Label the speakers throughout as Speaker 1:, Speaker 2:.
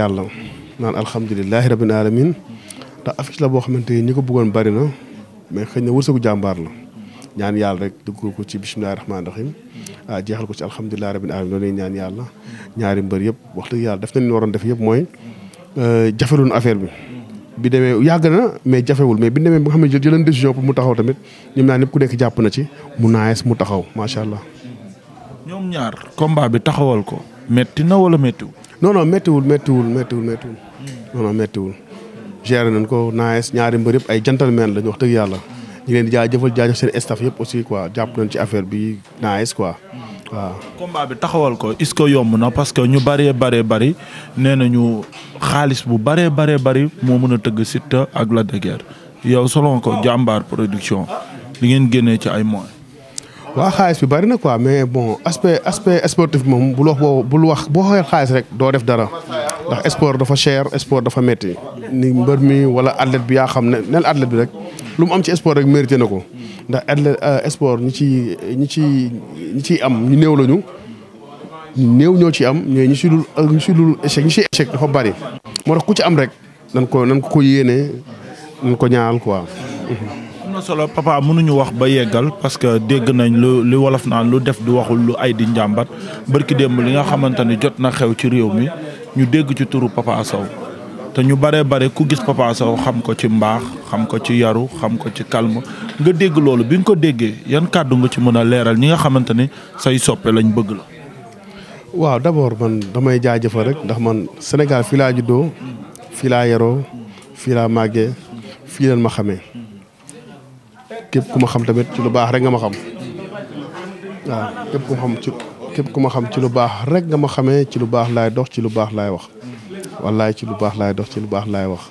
Speaker 1: yàlla naan alhamdulilahi rabbil alamin ndax ci la boo xamante ni ñi ko bëggoon bari na mais xëy na wërsëgu jàmbaar la ñaan yàlla rek dugg ko ci bismillahi rahmaani rahim ah jeexal ko ci alhamdulilahi rabbil alamin loolu ñaan yàlla ñaari mbër yëpp wax dëgg yàlla def nañu waroon def yëpp mooy euh, jafeluñu affaire bi bi demee yàgg na mais jafewul mais bi demee ba nga xam ne jëleen décision pour mu taxaw tamit ñoom ñaar ñëpp ku nekk jàpp na ci mu naayees mu taxaw macha allah. ñoom ñaar combat bi taxawal ko metti na walla méttiwul. non non méttiwul méttiwul méttiwul méttiwul. non non nañ ko naaj ñaari mbër yëpp ay gentleman lañ wax dëgg yàlla. ñu leen di jaajëfal jaajëf seen staff yëpp aussi quoi jàpp nañ ci affaire bi naaj ko waaw
Speaker 2: combat bi taxawal ko est-ce que yomb na parce que ñu bëree bëree bëri nee nañu xaalis bu bëree bëree bëri moo mën a tëgg Siteu ak la de Guiers yow selon ko oh. jàmbaar production li ngeen génnee ci ay moyens.
Speaker 1: waa xaalis bi bari na quoi mais bon aspect aspect sportif moom bul wax boo bul wax boo xoolee xaalis rek doo def dara ndax sport dafa cher sport dafa metti ni mbër mi wala athlète bi yaa xam ne nel athlète bi rek lu mu am ci sport rek mérité na ko ndax athlète euh, sport ñi ci ñi ci ñi ciy am ñu néew lañu néew ñoo ci am mais ñi si dul euh, ñi si dul ñi si échec dafa bari moo tax ku ci am rek nan ko nan ko ko yéenee nan ko ñaal quoi
Speaker 2: amna solo papa ñu wax ba yeggal parce que dégg nañ lu li wolof naan lu def du waxul lu ay di njambat barki dem li nga xamante jot na xew ci réew mi ñu dégg ci turu papa saw te ñu bare bare ku gis papa saw xam ko ci mbax xam ko ci yaru xam ko ci calme nga dégg loolu bi nga ko déggee yan kaddu nga ci mën a leeral ñi nga xamante say soppe lañ bëgg la
Speaker 1: waaw d'abord man damay jaajëfal rek ndax man Sénégal fii laa juddoo fii laa yaroo fii laa màggee fii leen ma xamee képp ku ma xam tamit ci lu baax rek nga ma xam waaw képp ku ma xam ci képp ku ma xam ci lu baax rek nga ma xamee ci lu baax laay dox ci lu baax laay wax wallaay ci lu baax laay dox ci lu baax laay wax.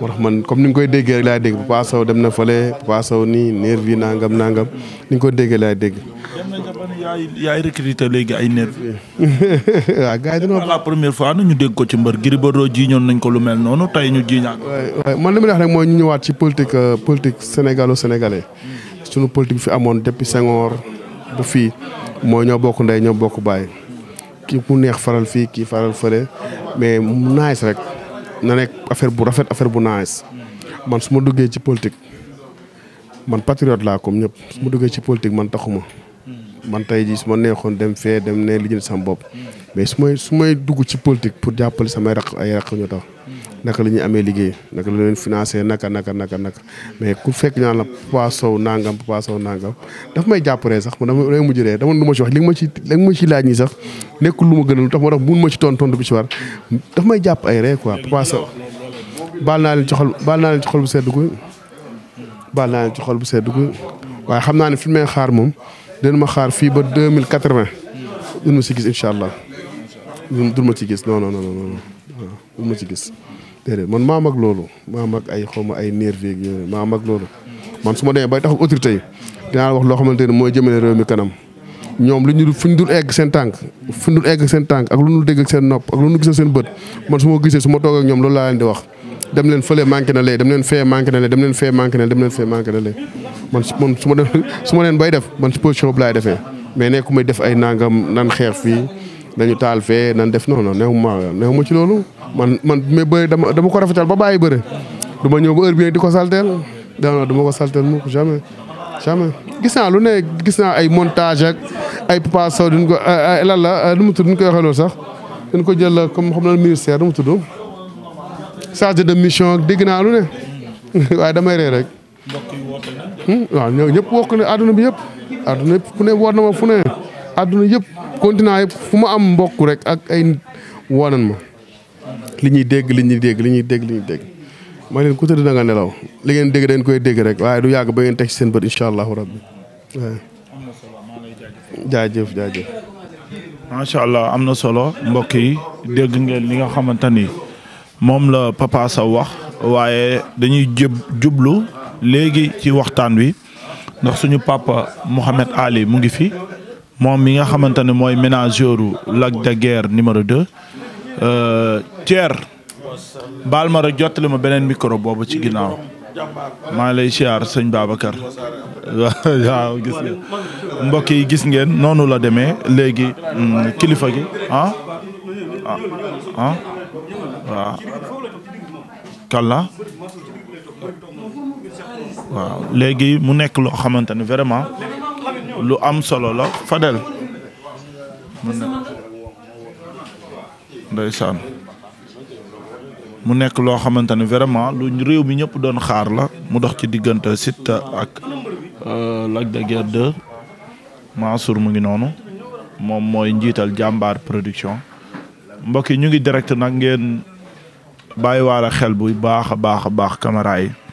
Speaker 1: moo tax man comme ni nga koy déggee rek laay dégg Papa Sow dem na fële Papa Sow nii nervi nangam nangam ni nga koy déggee laay dégg. dem
Speaker 2: na jamono yaay léegi ay nervi.
Speaker 1: yi dañoo. première fois ñu dégg ko ci mbër Gris Bordeaux
Speaker 2: jiiñoon nañ ko lu mel noonu tey ñu jiiñaat.
Speaker 1: waay man li ma wax rek mooy ñu ñëwaat ci politique euh, politique sénégalo sénégalais. sunu politique fi amoon depuis Senghor ba fii mooy ñoo bokk ndey ñoo bokk baay. kii ku neex faral fii kii faral fële mais mu nice rek na nekk affaire bu rafet affaire bu nice man su ma duggee ci politique man patriote laa comme ñëpp su ma duggee ci politique man taxuma man tey jii su ma neexoon dem fee dem ne li jënd sama bopp mais su may su may dugg ci politique pour jàppale samay raq ay raq ñu tax naka la ñuy amee liggéey naka la leen financé naka naka naka naka mais ku fekk ñaan la Papa Sow nangam Papa Sow nangam daf may jàpparee sax man dama mujj ree dama lu ma ci wax li nga ma ci li nga ma ci laaj ñi sax nekkul lu ma gënal tax moo tax mun ma ci toon tontu bi ci war daf may jàpp ay ree quoi Papa Sow baal naa leen ci xol xol bu sedd ko baal naa leen ci xol bu sedd ko waaye xam naa ne fi may xaar moom dina ma xaar fii ba deux mille quatre-vingt dun ma si gis incha allah du ma ci gis non non non ma ci gis déedéet man maa mag loolu maa ay xaw ma ay nervis yooyu maa mag loolu man su ma demee bay taxaw autorité yi dinaa wax loo xamante ne mooy jëmale réew mi kanam ñoom lu ñu fu ñu dul egg seen tànk fu ñu egg seen ak lu ñu dégg seen nopp seen bët man su ma gisee su ma toog ak ñoom loolu laa wax dem leen fële manqué na lee dem leen fee manqué na lee dem leen fee manqué na lee dem leen fee manqué na su ma def su ma leen bay def man si position bu laay defee mais nekku may def ay nangam nan xeex fii nañu taal fee nan def non non neexuma neexuma ci loolu man man mais bëri dama ko rafetal ba bàyyi bëri du ma ñëw ba heure di ko salteel non du ma ko salteel mukk jamais jamais gis naa ne gis naa ay montage ak ay Papa Sow duñ ko la nu mu duñ koy waxee sax dañ ko jël comme xam na ministère nu mu tudd chargé mission dégg naa rek. mbokk yi hmm? ñëpp àdduna bi yëpp àdduna yëpp ku na ma fu ne. àdduna yëpp continent yëpp fu ma am mbokk rek ak ay nit ma li ñuy dégg li ñuy dégg li ñuy dégg li dégg ma leen ku na nga nelaw li ngeen dégg dañ koy dégg rek waaye du yàgg ba ngeen teg ci seen bët incha allahu rabbi jaajëf jaajëf
Speaker 2: macha allah am na solo mbokk yi dégg ngeen li nga xamante ni moom la Papa Sow wax waaye dañuy jub jublu léegi ci waxtaan wi ndax suñu papa Mouhamed Ali mu ngi fi moom mi nga xamante ne mooy ménageur Lac de Guiers numéro 2 euh, Thier baal ma rek jottali ma beneen micro boobu ci ginnaaw maa lay siyaar sëñ Babacar waaw gis ngeen mbokk yi gis ngeen noonu la demee léegi hmm, kilifa gi ah
Speaker 1: ah, ah? waaw
Speaker 2: léegi mu nekk loo xamante ne vraiment lu am solo la Fadel ndaysan mu nek lo xamante vraiment lu rew mi ñep doon xaar la mu dox ci diggante Siteu ak euh Lac de guerre 2 Mansour mu ngi nonu mom moy njital jambar production mbokk ñu ngi direct nak ngeen bàyyi xel bu baaxa baaxa baax a yi